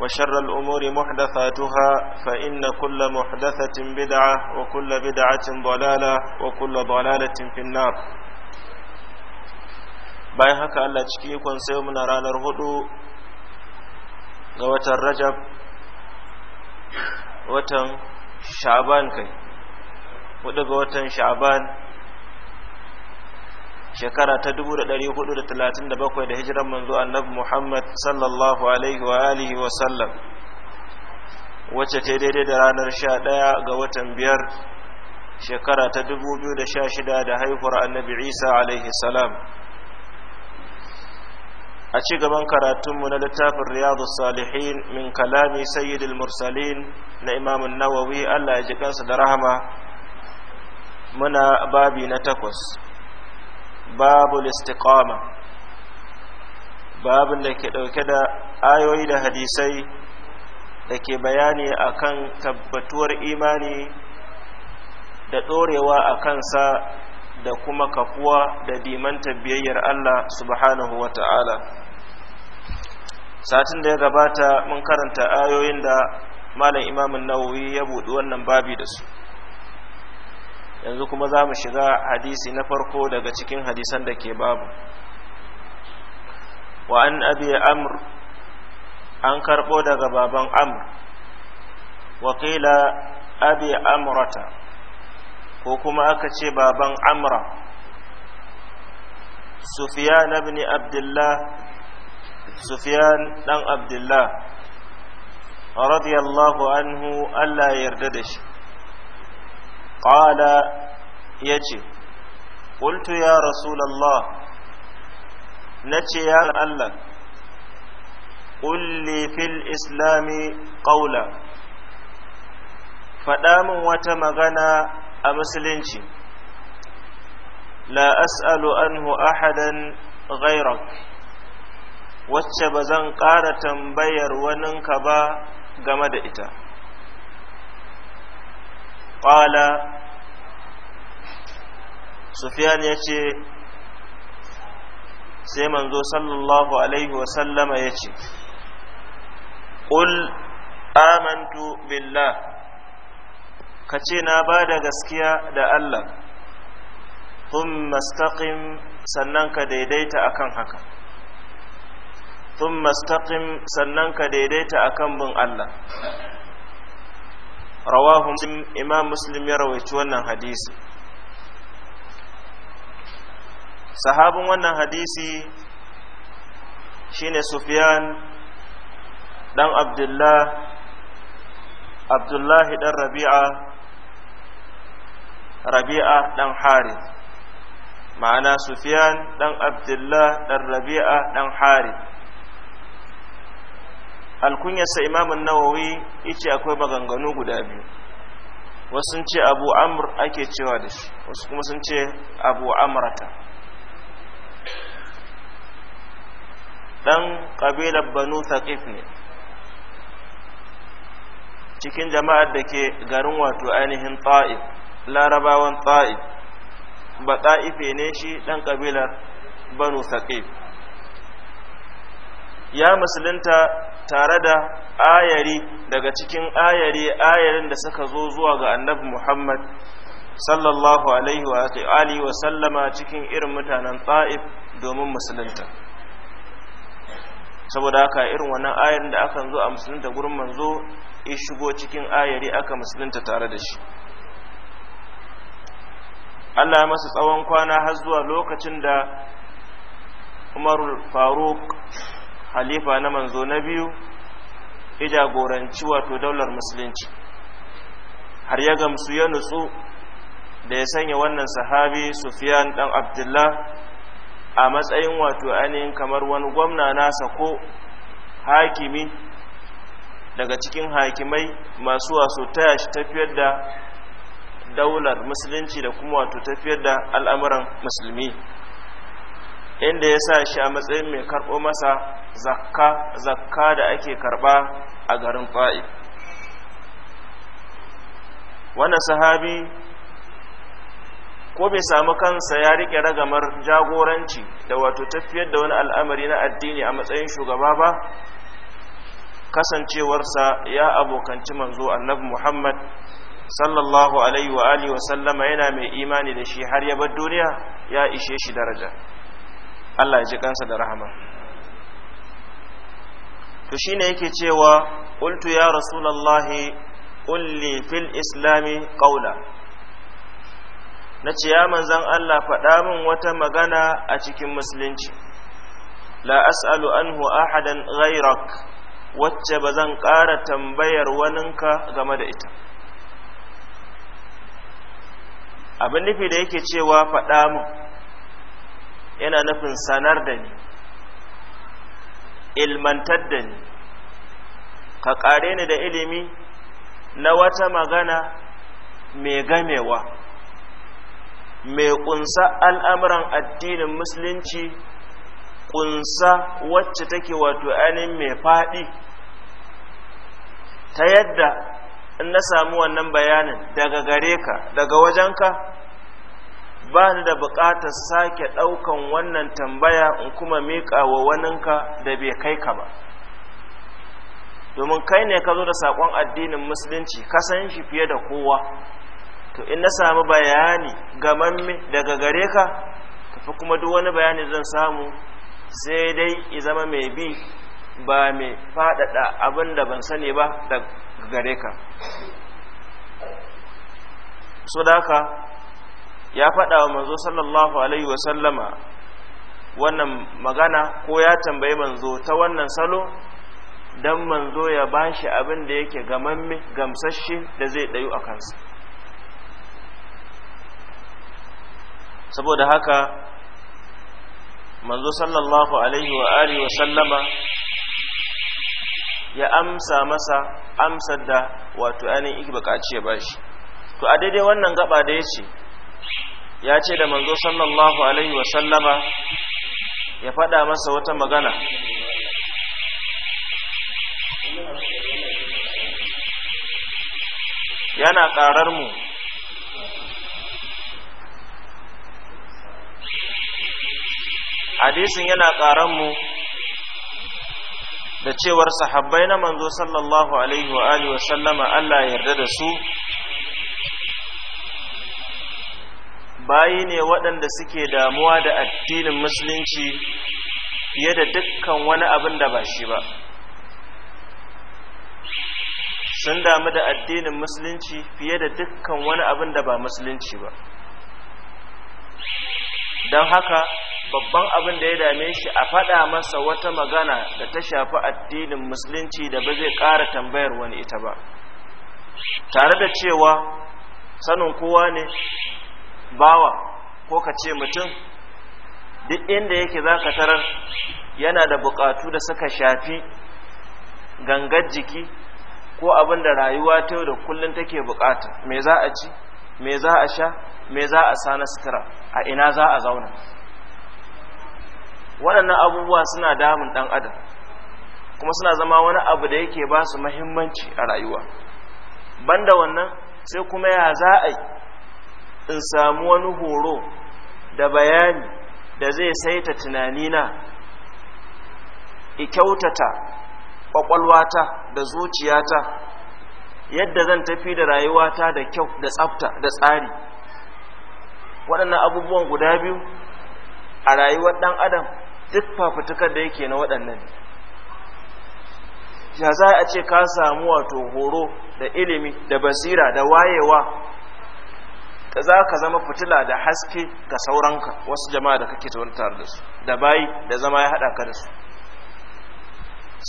وشر الأمور محدثاتها فإن كل محدثة بدعة وكل بدعة ضلالة وكل ضلالة في النار bayan haka Allah ciki ikon sai muna ranar hudu ga watan Rajab watan Sha'ban Sha'ban shekara ta 1437 da hijiran manzo annabi Muhammad sallallahu alaihi wa alihi wa sallam wacce ta daidai da ranar 11 ga watan biyar shekara ta 2016 da haihuwar annabi Isa alaihi salam a ci gaban karatunmu na littafin riyadu salihin min kalami sayyidil mursalin na imamun nawawi Allah ya ji kansa da rahama muna babi na takwas Babu istiqama babin da ke ɗauke da ayoyi da hadisai da ke bayani akan tabbatuwar imani da ɗorewa a kansa da kuma kafuwa da dimanta biyayyar Allah subhanahu wa ta'ala satin da ya gabata mun karanta ayoyin da malam imamin nawawi ya buɗi wannan babi da su yanzu kuma za mu shiga hadisi na farko daga cikin hadisan da ke babu wa an abi amr an karɓo daga baban amr wakila abi amrata ko kuma aka ce baban amra sufiyan ibn abdullah sufiyan dan abdullah radiyallahu anhu allah ya yarda da shi qala yace ƙultu ya Na nace ya Allah qulli fil islami ƙaula faɗa min wata magana a musulunci la as'alu anhu ahadan ghairak wacce ba zan ƙara tambayar waninka ba game da ita Sufiyan ya ce, sai manzo sallallahu alaihi wasallama ce ƙul amantu billah ce na bada gaskiya da Allah Tun mastaƙin sannan ka daidaita akan haka thumma istaqim sannan ka daidaita akan bin Allah rawahu imam muslim ya rawaici wannan hadisi sahabin wannan hadisi shine sufyan dan abdullah abdullahi dan rabi'a rabi'a dan harith ma'ana sufyan dan abdullah dan rabi'a dan harith alkunyarsa imamun nawawi yace akwai maganganu guda biyu wasu sun ce abu amur ake cewa da shi wasu kuma sun ce abu amurata dan ƙabilar banu taƙif ne cikin jama'ar da ke garin wato ainihin ta'if larabawan ta'if ba ta'ife ne shi dan ƙabilar banu taƙif ya musulunta tare da ayari daga cikin ayari ayarin da suka zo zuwa ga annabi Muhammad sallallahu alaihi wa alihi wa sallama cikin irin mutanen Ta'if domin musulunta saboda haka irin wannan ayarin da akan zo a musulunta gurin manzo ya shigo cikin ayari aka musulunta tare da shi Allah ya masa tsawon kwana har zuwa lokacin da Umar Faruk halifa na manzo na biyu ya jagoranci wato daular musulunci har ya gamsu ya nutsu da ya sanya wannan sahabi sufiyan dan abdullah a matsayin wato ainihin kamar wani gwamna nasa ko hakimi daga cikin hakimai masu wasu taya shi tafiyar da daular musulunci da kuma wato tafiyar da al'amuran musulmi inda ya sa shi a matsayin mai karɓo masa zakka zakka da ake karɓa a garin fa'i wannan sahabi ko bai samu kansa ya riƙe ragamar jagoranci da wato tafiyar da wani al'amari na addini a matsayin shugaba ba kasancewarsa ya abokanci manzo annabi muhammad sallallahu alaihi wa alihi wa sallama yana mai imani da shi har ya bar duniya ya ishe shi daraja Allah ya ji kansa da rahama to shine yake cewa qultu ya rasulullahi qulli fil islami qawla nace ya manzon Allah faɗa min wata magana a cikin musulunci la as'alu anhu ahadan ghayrak wacce ba zan ƙara tambayar waninka game da ita abin nufi da yake cewa faɗa min yana nufin sanar da ni ilmantar da ni ka ƙare ni da ilimi na wata magana mai gamewa mai ƙunsa al'amuran addinin musulunci ƙunsa wacce take wato ainihin mai faɗi ta yadda in na samu wannan bayanin daga gare ka daga wajenka ba ni da buƙatar sake ɗaukan wannan tambaya in kuma miƙa wa waninka da bai kai ka ba domin kai ne ka zo da saƙon addinin musulunci ka san shi fiye da kowa to in na sami bayani gamamme daga gare ka tafi kuma duk wani bayani zan samu sai dai i zama mai bi ba mai faɗaɗa abin da ban sani ba daga gare ka so da haka ya faɗa wa manzo sallallahu alaihi wasallama wannan magana ko ya tambayi manzo ta wannan salo don manzo ya ba shi abin da yake gamamme gamsashe da zai ɗayu a kansa saboda haka manzo sallallahu alaihi wa alihi wa sallama ya amsa masa amsar da wato ainihin iki bukaci ya bashi to a daidai wannan gaba da ya ce ya ce da manzo sallallahu alaihi sallama ya faɗa masa wata magana yana ƙarar mu hadisin yana ƙarar mu da cewar sahabbai na manzo sallallahu alaihi wa alihi wa sallama Allah ya yarda da su bayi ne waɗanda suke damuwa da addinin musulunci fiye da dukkan wani abin da ba shi ba sun damu da addinin musulunci fiye da dukkan wani abin da ba musulunci ba don haka babban abin da ya dame shi a faɗa masa wata magana da ta shafi addinin musulunci da ba zai ƙara tambayar wani ita ba tare da cewa sanin kowa ne bawa ko ka ce mutum duk inda yake za ka tarar yana da bukatu da suka shafi gangar jiki ko abin da rayuwa ta yau da kullum take bukata me za a ci mai za a sha mai za a sa na sutura a ina za a zauna waɗannan abubuwa suna damun ɗan adam kuma suna zama wani abu da yake ba su mahimmanci a rayuwa banda wannan sai kuma ya za a yi in samu wani horo da bayani da zai saita tunanina kyautata kwakwalwata da zuciyata yadda zan tafi da rayuwata da kyau da tsafta da tsari waɗannan abubuwan guda biyu a rayuwar ɗan adam duk fafutukar da yake na waɗannan ya za a ce ka samu wato horo da ilimi da basira da wayewa da za ka zama fitila da haske ga sauranka wasu jama'a da kake zaune tare da su da bayi da zama ya haɗa ka da su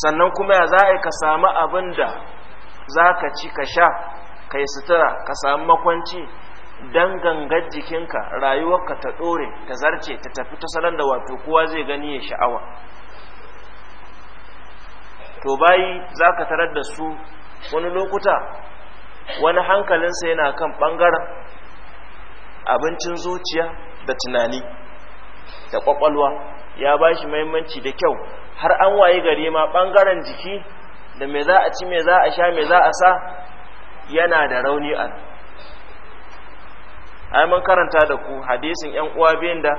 sannan kuma ya za ka samu abin da za ka ci ka sha ka yi sutura ka samu makwanci don gangar jikinka rayuwarka ta ɗore ta zarce ta tafi ta salon da wato kowa zai gani ya sha'awa to bayi za ka tarar da su wani lokuta wani hankalinsa yana kan ɓangaren abincin zuciya da tunani da kwakwalwa ya ba shi mahimmanci da kyau har an wayi gari ma ɓangaren jiki da me za a ci me za a sha me za a sa yana da rauni a ai mun karanta da ku hadisin yan uwa biyan da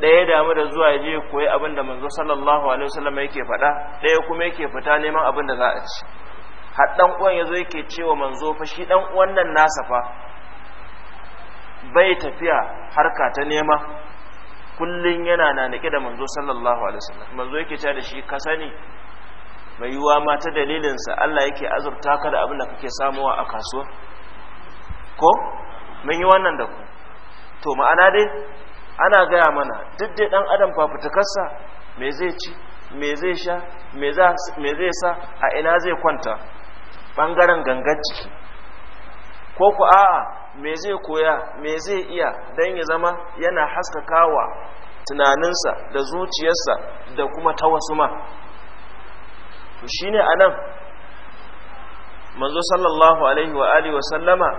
ɗaya damu da zuwa je koyi abin da manzo sallallahu alaihi wasallam yake faɗa ɗaya kuma yake fita neman abin da za a ci har dan uwan yazo yake cewa manzo fa shi dan uwan nan nasa fa bai tafiya harka ta nema kullum yana na nake da manzo sallallahu alaihi wasallam manzo yake cewa da shi ka sani mai yiwuwa ma ta dalilinsa Allah yake azurta ka da abin da kake samuwa a kasuwa ko mun yi wannan da ku to ma'ana dai ana gaya mana duk dai dan adam fafutukarsa me zai ci me zai sha me zai sa a ina zai kwanta bangaren gangar jiki ko ku a'a me zai koya me zai iya don ya zama yana haskakawa tunaninsa da zuciyarsa da kuma ta wasu ma to shine anan manzo sallallahu alaihi wa alihi wa sallama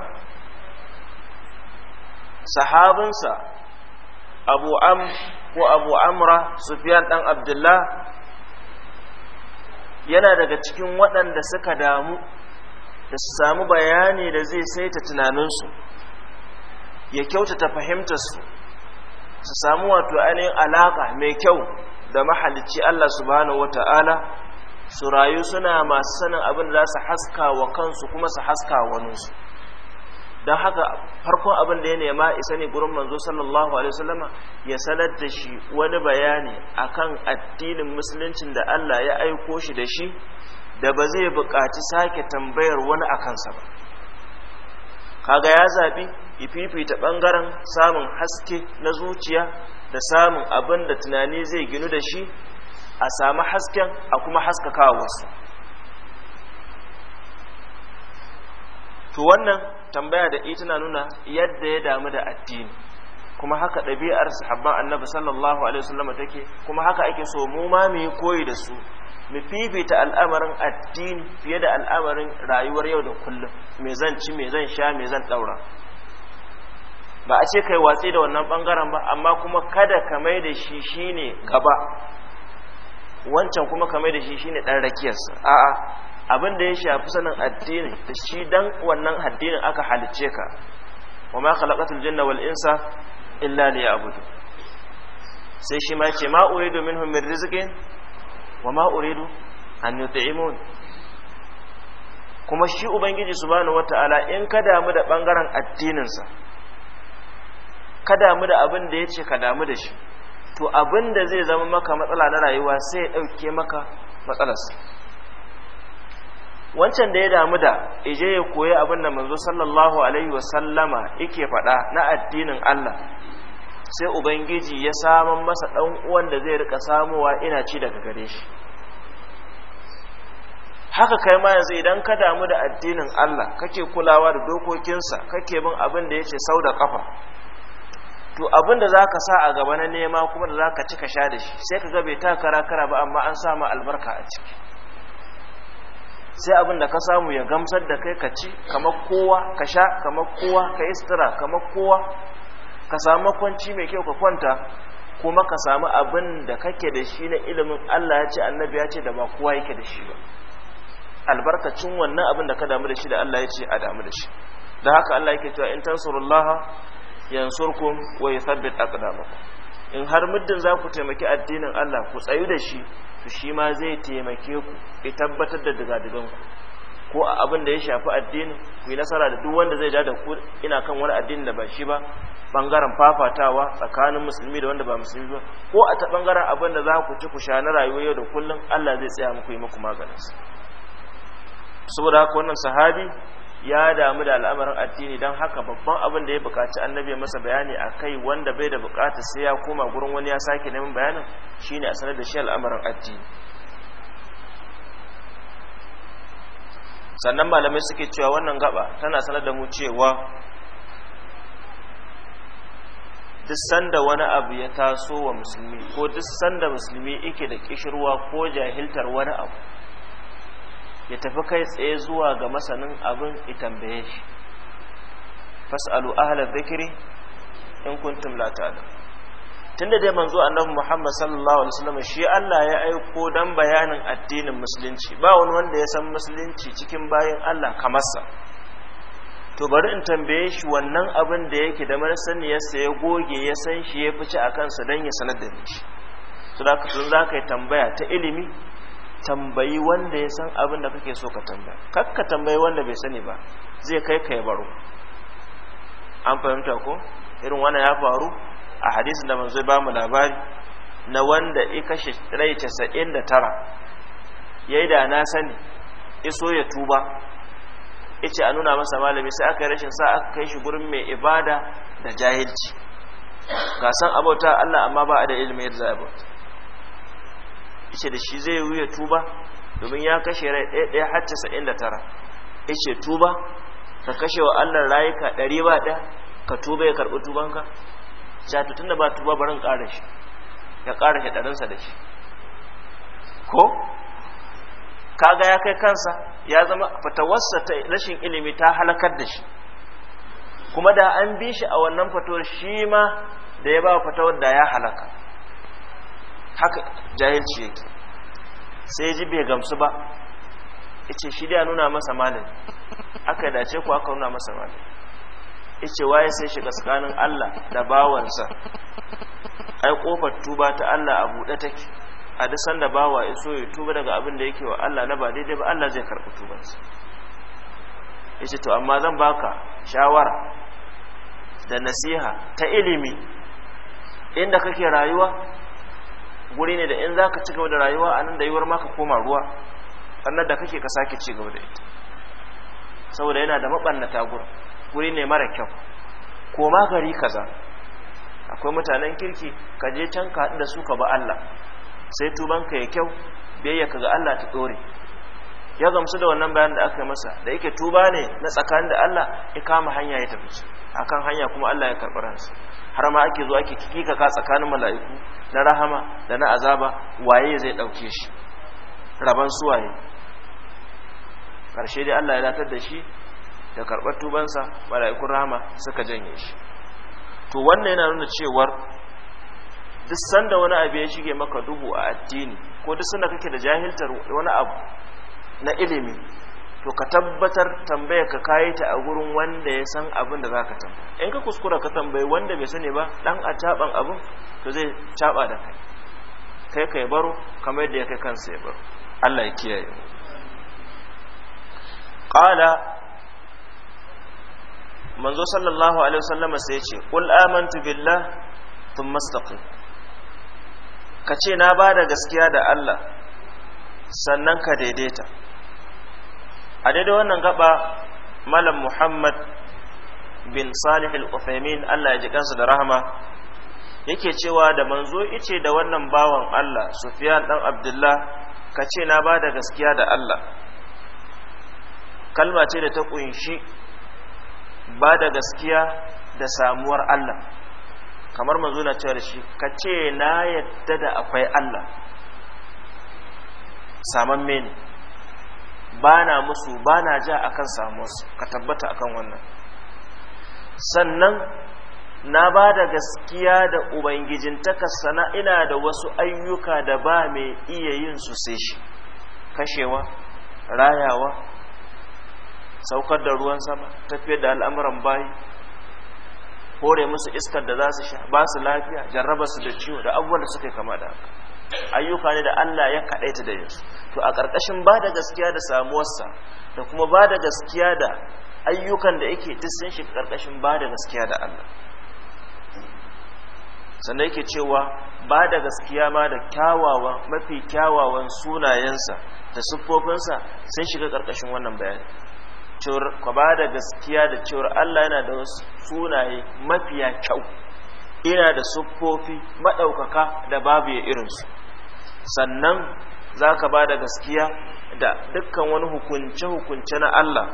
sahabinsa abu am ko abu amra sufyan dan abdullah yana daga cikin waɗanda suka damu da su samu bayani da zai saita tunaninsu ya kyautata fahimtarsu su samu wato ainihin alaƙa mai kyau da mahalicci Allah subhanahu ta'ala, su rayu suna masu sanin abin da za su haska wa kansu kuma su haska waninsu don haka farkon abin da ya nema isa ne gurin manzo sallallahu alaihi wasallama ya sanar da shi wani bayani akan addinin musuluncin da Allah ya aiko shi da shi da ba zai buƙaci sake tambayar wani a kansa ba kaga ya zaɓi ififita ɓangaren samun haske na zuciya da samun abin da tunani zai ginu da shi a samu hasken a kuma haskaka wasu to wannan tambaya da ita na nuna yadda ya damu da addini kuma haka ɗabi'ar sahabban annabi sallallahu alaihi wasallam take kuma haka ake so mu ma mu yi koyi da su mu fifita al'amarin addini fiye da al'amarin rayuwar yau da kullum mai zan ci mai zan sha mai zan daura ba a ce kai watsi da wannan bangaren ba amma kuma kada ka mai da shi shine gaba wancan kuma ka mai da shi shine dan rakiyarsa a'a abin da ya shafi sanin addini da shi dan wannan addinin aka halicce ka wa ma khalaqatul jinna wal insa illa liya'budu sai shi ma ce ma uridu minhum min rizqin wa ma uridu an yut'imun kuma shi ubangiji subhanahu wata'ala in ka damu da bangaren addininsa ka damu da abin da ya ce ka damu da shi to abin da zai zama maka matsala na rayuwa sai ya ɗauke maka matsalarsa wancan da ya damu da ije ya koyi abin da manzo sallallahu alaihi wasallama yake faɗa na addinin Allah sai ubangiji ya saman masa ɗan uwan da zai rika samuwa ina ci daga gare shi haka kai ma yanzu idan ka damu da addinin Allah kake kulawa da dokokinsa kake bin abin da yake sau da kafa to abin da zaka sa a gaba na nema kuma da zaka cika sha da shi sai ka ga bai ta kara ba amma an sa ma albarka a ciki sai abin da ka samu ya gamsar da kai ka ci kamar kowa ka sha kamar kowa ka istira kamar kowa ka samu makwanci mai kyau ka kwanta kuma ka samu abin da kake da shi na ilimin Allah ya ce annabi ya ce da ba kowa yake da shi ba albarkacin wannan abin da ka damu da shi da Allah ya ce a damu da shi da haka Allah yake cewa in tansurullaha yansurkum wa yuthabbit aqdamakum in har muddin za ku taimaki addinin Allah ku tsayu da shi to shi ma zai taimake ku ya tabbatar da digadigan ku ko a abin da ya shafi addini ku yi nasara da duk wanda zai ja da ku ina kan wani addini da ba shi ba bangaren fafatawa tsakanin musulmi da wanda ba musulmi ba ko a ta bangaren abin da za ku ci ku sha na rayuwar yau da kullum Allah zai tsaya muku yi muku maganin su saboda haka wannan sahabi ya damu da al'amarin addini don haka babban abin da ya bukaci annabi masa bayani a kai wanda bai da bukata sai ya koma gurin wani ya sake neman bayanin shine a sanar da shi al'amarin addini sannan malamai suke cewa wannan gaba tana sanar da mu cewa duk sanda wani abu ya taso wa musulmi ko duk sanda musulmi yake da kishirwa ko jahiltar wani abu ya tafi kai tsaye zuwa ga masanin abin tambaye shi fas'alu ahla in kuntum la tunda dai manzo annabi Muhammad sallallahu alaihi wasallam shi Allah ya aiko dan bayanin addinin musulunci ba wani wanda ya san musulunci cikin bayin Allah kamar sa to bari in tambaye shi wannan abin da yake da sani ya goge ya san shi ya fice a kansa don ya sanar da shi su da ka tun za ka yi tambaya ta ilimi tambayi wanda ya san abin da kake so ka tambaya kakka tambayi wanda bai sani ba zai kai ka ya baro an fahimta ko irin wannan ya faru a hadisin da manzo ba mu labari na wanda ya kashe rai 99 yi da na sani iso ya tuba yace a nuna masa malami sai aka rashin sa aka kai shi gurin mai ibada da jahilci ga san abota Allah amma ba a da ilimi yadda za a bauta yace da shi zai yi tuba domin ya kashe rai ɗaya ɗaya har casa'in da tara yace tuba ka kashe wa Allah rayuka ɗari ba ɗaya ka tuba ya karɓi tubanka ja to tunda ba tuba barin ƙara shi ya ƙara shi ɗarinsa da shi ko kaga ya kai kansa ya zama fatawarsa ta rashin ilimi ta halakar da shi kuma da an bi shi a wannan fatawar shi ma da ya ba fatawar da ya halaka haka jahilci yake sai ji bai gamsu ba yace shi da nuna masa malami aka dace ku aka nuna masa malami yace waye sai shiga tsakanin Allah da bawansa ai kofar tuba ta Allah a buɗe take a duk sanda ba wa iso ya tuba daga abin da yake wa Allah na ba daidai ba Allah zai karɓi tubansa yace to amma zan baka shawara da nasiha ta ilimi inda kake rayuwa guri ne da in zaka ci gaba da rayuwa a nan da yiwuwar maka koma ruwa annan da kake ka sake ci da ita saboda yana da mabannata gurin guri ne mara kyau koma gari kaza akwai mutanen kirki ka je can ka da su ka ba Allah sai tubanka ya kyau ka ga Allah ta dore ya gamsu da wannan bayan da aka yi masa da yake tuba ne na tsakanin da Allah ya kama hanya ya tafi akan hanya kuma Allah ya karɓi ransa har ma ake zo ake kikika ka tsakanin mala'iku na rahama da na azaba waye zai ɗauke shi raban suwaye ƙarshe dai Allah ya datar da shi da karɓar tubansa mala'ikun rahama suka janye shi to wannan yana nuna cewar duk sanda wani abu ya shige maka duhu a addini ko duk sanda kake da jahiltar wani abu na ilimi to ka tabbatar tambaya ka kayi ta a gurin wanda ya san abin da zaka tambaya in ka kuskura ka tambayi wanda bai sani ba dan a taban abin to zai taba da kai kai kai baro kamar yadda ya kai kansa ya baro Allah ya kiyaye qala manzo sallallahu alaihi wasallam sai ya ce qul amantu billahi thumma istaqim ka ce na ba da gaskiya da Allah sannan ka daidaita a daidai wannan gaba malam muhammad bin salih al-uthaymin Allah ya ji kansa da rahama yake cewa da manzo ice da wannan bawan Allah Sufyan dan Abdullah ka ce na ba da gaskiya da Allah kalma ce da ta kunshi ba da gaskiya da samuwar Allah kamar manzo na cewa da shi ka ce na yadda da akwai Allah saman mene ba na musu ba na ja akan samuwarsu ka tabbata akan wannan sannan na ba da gaskiya da ubangijin sana ina da wasu ayyuka da ba mai iya yin su sai shi kashewa rayawa saukar da ruwan sama tafiye da al'amuran bayi hore musu iskar da za su sha ba su lafiya jarraba su da ciwo da abubuwan da suka kama da haka ayyuka ne da Allah ya kaɗaita da yinsu to a ƙarƙashin ba da gaskiya da samuwarsa da kuma ba da gaskiya da ayyukan da yake duk sun shiga ƙarƙashin ba da gaskiya da Allah sannan yake cewa ba da gaskiya ma da kyawawan mafi kyawawan sunayensa da siffofinsa sun shiga ƙarƙashin wannan bayani cewar ku ba da gaskiya da cewar Allah yana da wasu sunaye mafiya kyau ina da siffofi maɗaukaka da babu ya irinsu sannan za ka ba da gaskiya da dukkan wani hukunce-hukunce na Allah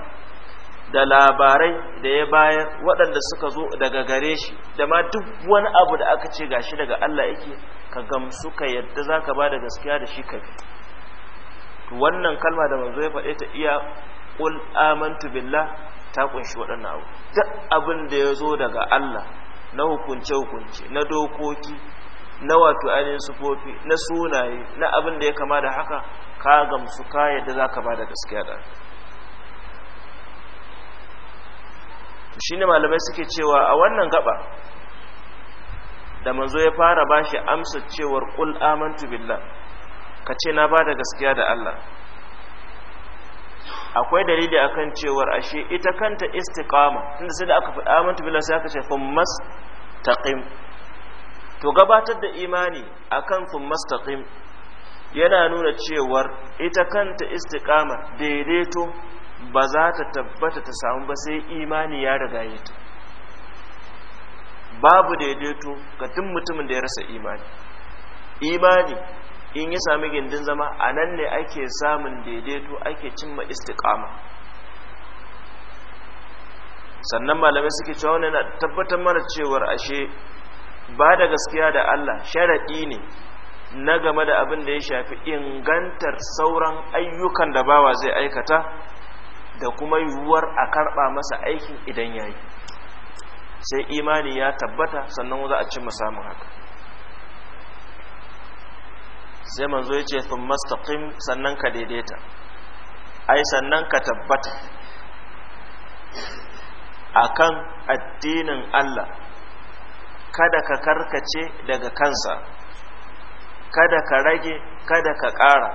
da labarai da ya bayar waɗanda suka zo daga gare shi da ma duk wani abu da aka ce gashi daga Allah yake ka gamsu ka yadda za ka ba da gaskiya da shi ka bi wannan kalma da manzo ya faɗe ta iya qul amantu billah ta ƙunshi waɗannan abu duk abin da ya zo daga Allah na hukunce hukunce na dokoki na wato ainihin sufofi na sunaye na abin da ya kama da haka ka gamsu ka yadda za ka ba da gaskiya da shi ne malamai suke cewa a wannan gaba da manzo ya fara ba shi amsa cewar ƙul amantu billah ka ce na ba da gaskiya da Allah akwai dalili akan cewar ashe ita kanta istiqama tunda sai da aka faɗa amintu billah sai aka ce thummas taqim to gabatar da imani akan thummas taqim yana nuna cewar ita kanta istiqama daidaito ba za ta tabbata ta samu ba sai imani ya rigaye ta babu daidaito ga duk mutumin da ya rasa imani imani in ya sami gindin zama a nan ne ake samun daidaito ake cimma istiqama sannan malamai suke cewa wani na tabbatar mana cewar ashe ba da gaskiya da Allah sharaɗi ne na game da abin da ya shafi ingantar sauran ayyukan da bawa zai aikata da kuma yiwuwar a karɓa masa aikin idan ya yi sai imani ya tabbata sannan za a cimma samun haka sai manzo ya ce sun sannan ka daidaita ai sannan ka tabbata a kan addinin Allah kada ka karkace daga kansa kada ka rage kada ka ƙara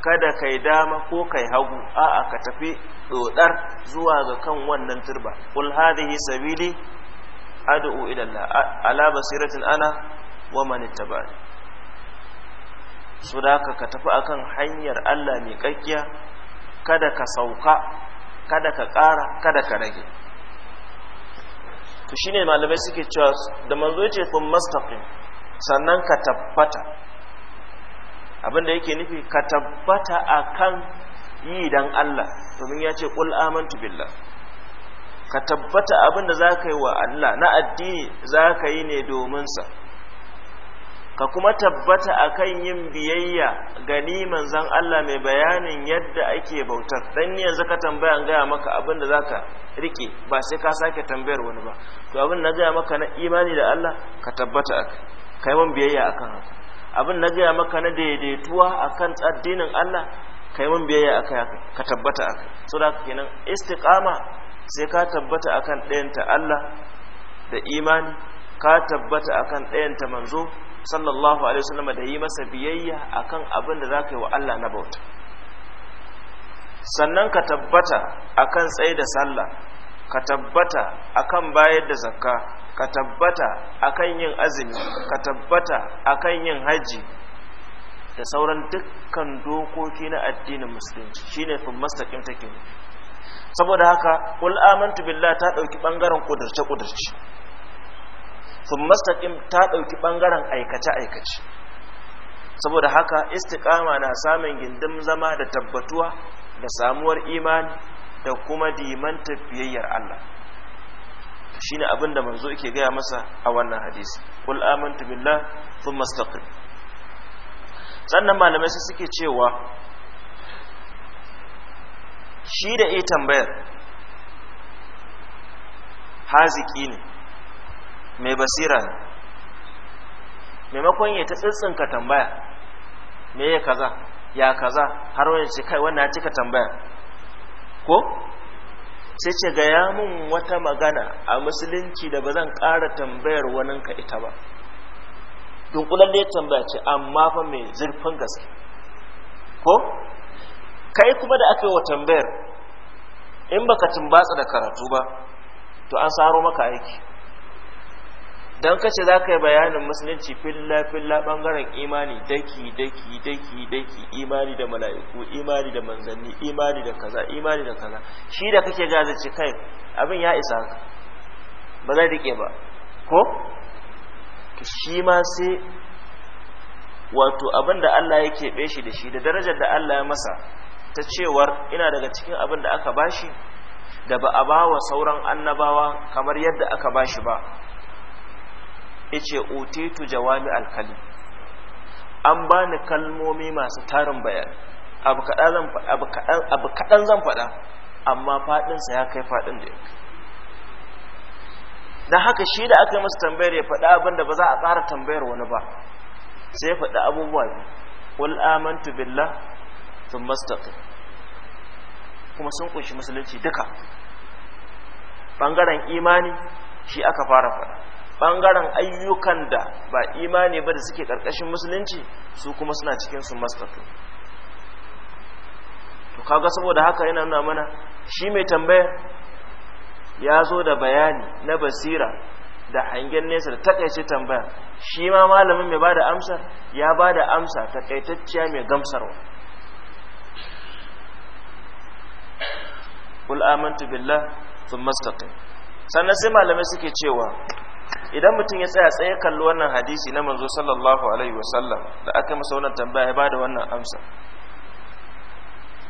kada ka yi dama ko ka yi hagu a'a ka tafi dodar zuwa ga kan wannan turba qul hadhihi sabili ad'u ila Allah ala basiratin ana wa man ittaba'ani so da haka ka tafi akan hanyar Allah mai kakkiya kada ka sauka kada ka ƙara kada ka rage to shine malamai suke cewa da manzo yace kun mastaqim sannan ka tabbata abinda yake nufi ka tabbata akan yi dan Allah domin ya ce qul amantu billah ka tabbata abinda zaka yi wa Allah na addini zaka yi ne domin sa ka kuma tabbata akan yin biyayya gani manzan Allah mai bayanin yadda ake bautar dan yanzu ka tambaya gaya maka abin da zaka rike ba sai ka sake tambayar wani ba to abin na gaya maka na imani da Allah ka tabbata akai kai mun biyayya akan haka abin na gaya maka na daidaituwa akan addinin Allah kai mun biyayya akai haka ka tabbata akai saboda kenan istiqama sai ka tabbata akan ɗayanta Allah da imani ka tabbata akan ɗayanta manzo sallallahu alaihi wasallam da yi masa biyayya akan abin da zaka yi wa Allah na bauta sannan ka tabbata akan tsaye da sallah ka tabbata akan bayar da zakka ka tabbata akan yin azumi ka tabbata akan yin haji da sauran dukkan dokoki na addinin musulunci shine tun mustaqim take saboda haka qul amantu billahi ta dauki bangaren kudurce kudurce sun mastaƙim ta ɗauki ɓangaren aikace-aikace saboda haka istikama na samun gindin zama da tabbatuwa da samuwar imani da kuma diman tafiyayyar Allah shi ne abinda manzo ke gaya masa a wannan hadisi kul amantu billah sun mastaƙim sannan malamai sai suke cewa shi da iya tambayar haziki ne mai basira ne maimakon ya ta tsitsinka tambaya me ya kaza ya kaza har wani ce kai wannan cika tambaya ko sai ce gaya mun wata magana a musulunci da ba zan ƙara tambayar waninka ita ba dunkulan da ya tambaya ce amma fa mai zurfin gaske ko kai kuma da aka yi wa tambayar in baka tumbatsa da karatu ba to an saro maka aiki don kace za ka yi bayanin musulunci filla-filla ɓangaren imani daki-daki-daki-daki imani da mala'iku imani da manzanni imani da kaza imani da kaza shi da kake gaza ce kai abin ya isa ba zai dike ba ko shi ma sai wato abin da Allah ya keɓe shi da shi da darajar da Allah ya masa ta cewar ina daga cikin abin da aka bashi da ba a ba wa sauran annabawa kamar yadda aka bashi ba yace utitu jawami alkalim an bani kalmomi masu tarin bayan abu kaɗan abu zan faɗa amma faɗinsa ya kai faɗin da ya kai don haka shi da aka yi masa tambayar ya faɗa abin da ba za a ƙara tambayar wani ba sai ya faɗi abubuwa biyu wal amantu billah sun mastaqi kuma sun kunshi musulunci duka ɓangaren imani shi aka fara faɗa bangaren ayyukan da ba imani ba da suke karkashin musulunci su kuma suna cikin su mastatu to kaga saboda haka yana nuna mana shi mai tambayar ya zo da bayani na basira da hangen nesa da takaice tambaya shi ma malamin mai bada amsa ya bada amsa takaitacciya mai gamsarwa kul amantu billah thumma sannan sai malamai suke cewa idan mutum ya tsaya tsaye kalli wannan hadisi na manzo sallallahu alaihi wasallam da aka masa wannan tambaya ya bada wannan amsa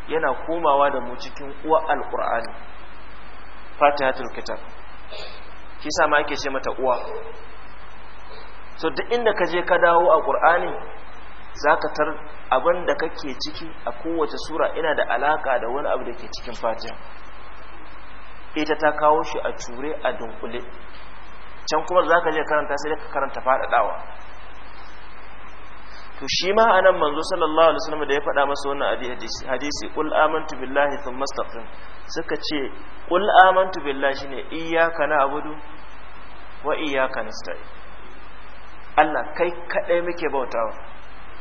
yana komawa da mu cikin uwa alqur'ani fatihatul kitab kisa ma ake ce mata uwa so duk inda ka je ka dawo a qur'ani zaka tar abin da kake ciki a kowace sura ina da alaka da wani abu da ke cikin fatiha ita ta kawo shi a ture a dunkule can kuma za ka je karanta sai ka karanta faɗaɗawa to shi ma a nan manzo sallallahu alaihi wasallam da ya faɗa masa wannan hadisi qul amantu billahi thumma astaqim suka ce qul amantu billahi shine iyyaka na'budu wa iyyaka nasta'in Allah kai kadai muke bautawa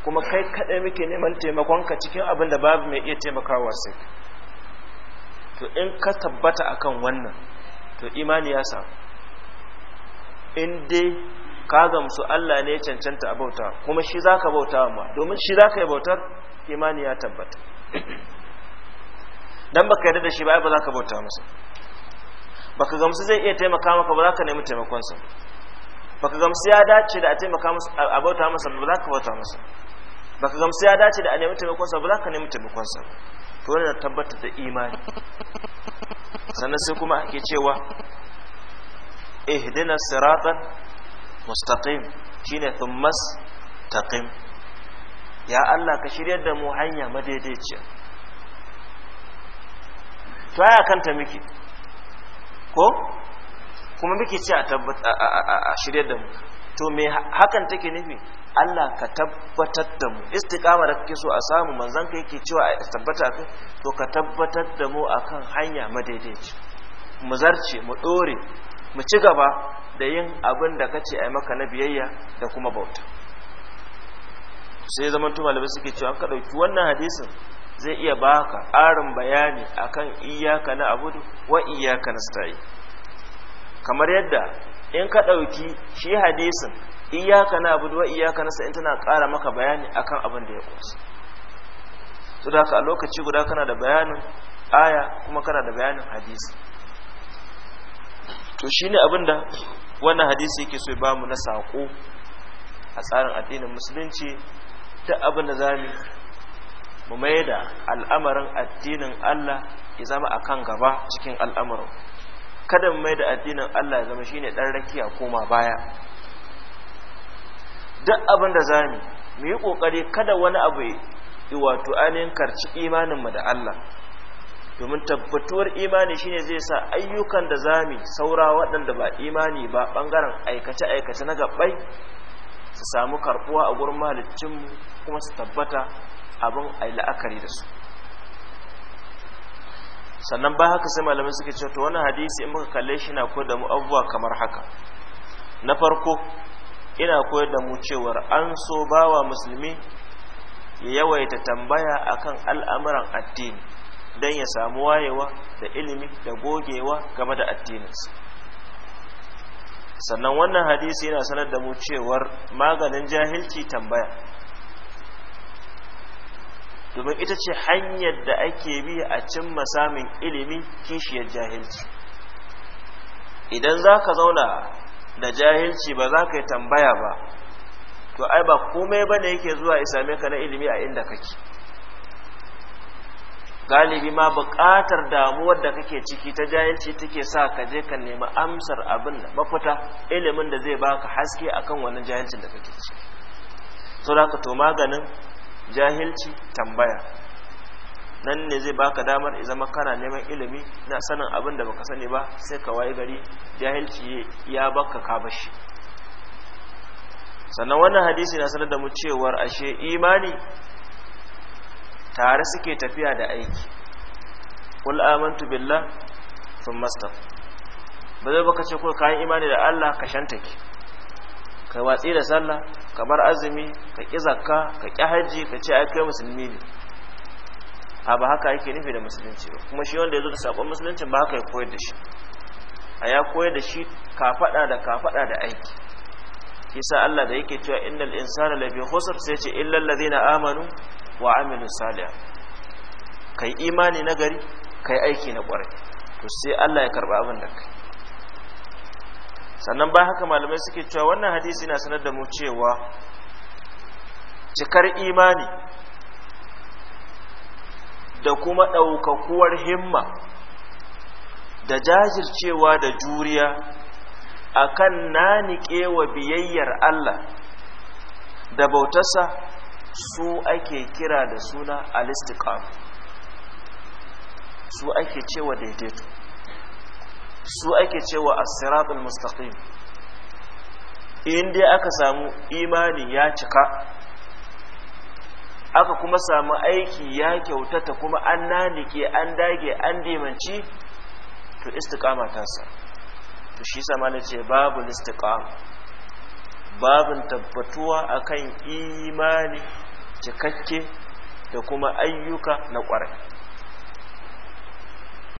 kuma kai kadai muke neman taimakon ka cikin abin da babu mai iya taimakawa sai to in ka tabbata akan wannan to imani ya samu in dai ka gamsu Allah ne cancanta a bauta kuma shi za ka bauta ma domin shi za ka yi bautar imani ya tabbata Don baka yarda da shi ba ba za ka bauta masa baka gamsu zai iya taimaka maka ba za ka nemi taimakonsa baka gamsu ya dace da a taimaka masa a bauta masa ba za ka bauta masa baka gamsu ya dace da a nemi taimakonsa ba za ka nemi taimakonsa to da tabbatar da imani sannan sai kuma ake cewa ihdina siratan mustaqim shine thummas taqim ya Allah ka shiryar da mu hanya madaidaiciya to aya kanta miki ko kuma miki ce a shirya da mu to me hakan take nufi Allah ka tabbatar da mu istiqama da kake so a samu manzon ka yake cewa a tabbata kai to ka tabbatar da mu akan hanya madaidaici mu zarce mu dore mu ci gaba da yin abin da kace a maka na biyayya da kuma bauta sai zaman malamai suke cewa ka ɗauki wannan hadisin zai iya baka ƙarin bayani akan iyaka na abudu wa iyaka na stayi kamar yadda in ka ɗauki shi hadisin iyaka na abudu wa iyaka na tana ƙara maka bayani akan abin da ya ƙunsa su da ka a lokaci guda kana da bayanin aya kuma kana da bayanin hadisi to shi abin abinda wannan hadisi yake so ba mu na sako a tsarin addinin musulunci duk abin da za mu mai da al'amarin addinin Allah ya zama a kan gaba cikin al'amarin kada mu mai da addinin Allah ya zama shine ɗan rakiya koma baya duk abin da za mu yi ƙoƙari kada wani abu wato ainihin karci imaninmu da Allah domin tabbatuwar imani shine zai sa ayyukan da zami saura waɗanda ba imani ba ɓangaren aikace-aikace na gaɓai su samu karɓuwa a gurin mahaliccinmu kuma su tabbata abin a la'akari da su sannan ba haka sai malamai suke cewa to wani hadisi in muka kalle shi na koyar da mu abubuwa kamar haka na farko ina koyar da mu cewar an so bawa musulmi ya yawaita tambaya akan al'amuran addini Dan ya samu wayewa da ilimi da gogewa game da addininsa sannan wannan hadisi yana sanar da mu cewar maganin jahilci tambaya domin ita ce hanyar da ake bi a cimma samun ilimi kishiyar jahilci idan za ka zauna da jahilci ba za ka yi tambaya ba to ai ba komai ba ne yake zuwa isa ka na ilimi a inda kake galibi ma buƙatar damuwar da kake ciki ta jahilci take sa ka je ka nemi amsar abin da mafita ilimin da zai baka haske akan wannan jahilcin da kake ciki so da ka to maganin jahilci tambaya nan ne zai baka damar zama kana neman ilimi na sanin abin da baka sani ba sai ka waye gari jahilci ya baka ka bashi sannan wannan hadisi na sanar da mu cewar ashe imani tare suke tafiya da aiki kul amantu billah thumma astaq ba zai baka ce kawai kayan imani da Allah ka ki ka watsi da sallah ka bar azumi ka ki zakka ka ki haji ka ce ai kai musulmi ne a ba haka yake nufi da musulunci ba kuma shi wanda ya zo da sabon musulunci ba haka ya koyar da shi a ya koyar da shi ka faɗa da ka faɗa da aiki kisa Allah da yake cewa innal insana lafi khusr sai ce illal ladina amanu wa amilu saliha kai imani na gari kai aiki na kwarai to sai Allah ya karba abin da kai sannan ba haka malamai suke cewa wannan hadisi na sanar da mu cewa cikar imani da kuma ɗaukakuwar himma da jajircewa da juriya akan naniƙewa biyayyar Allah da bautarsa su ake kira da suna alistiqam su ake cewa daidaito su ake cewa as mustaqim in dai aka samu imani ya cika aka kuma samu aiki ya kyautata kuma an nanike an dage an dimanci to istiqama ta sa to shi sama na ce babu istiqama babin tabbatuwa akan imani cikakke da kuma ayyuka na ƙwarai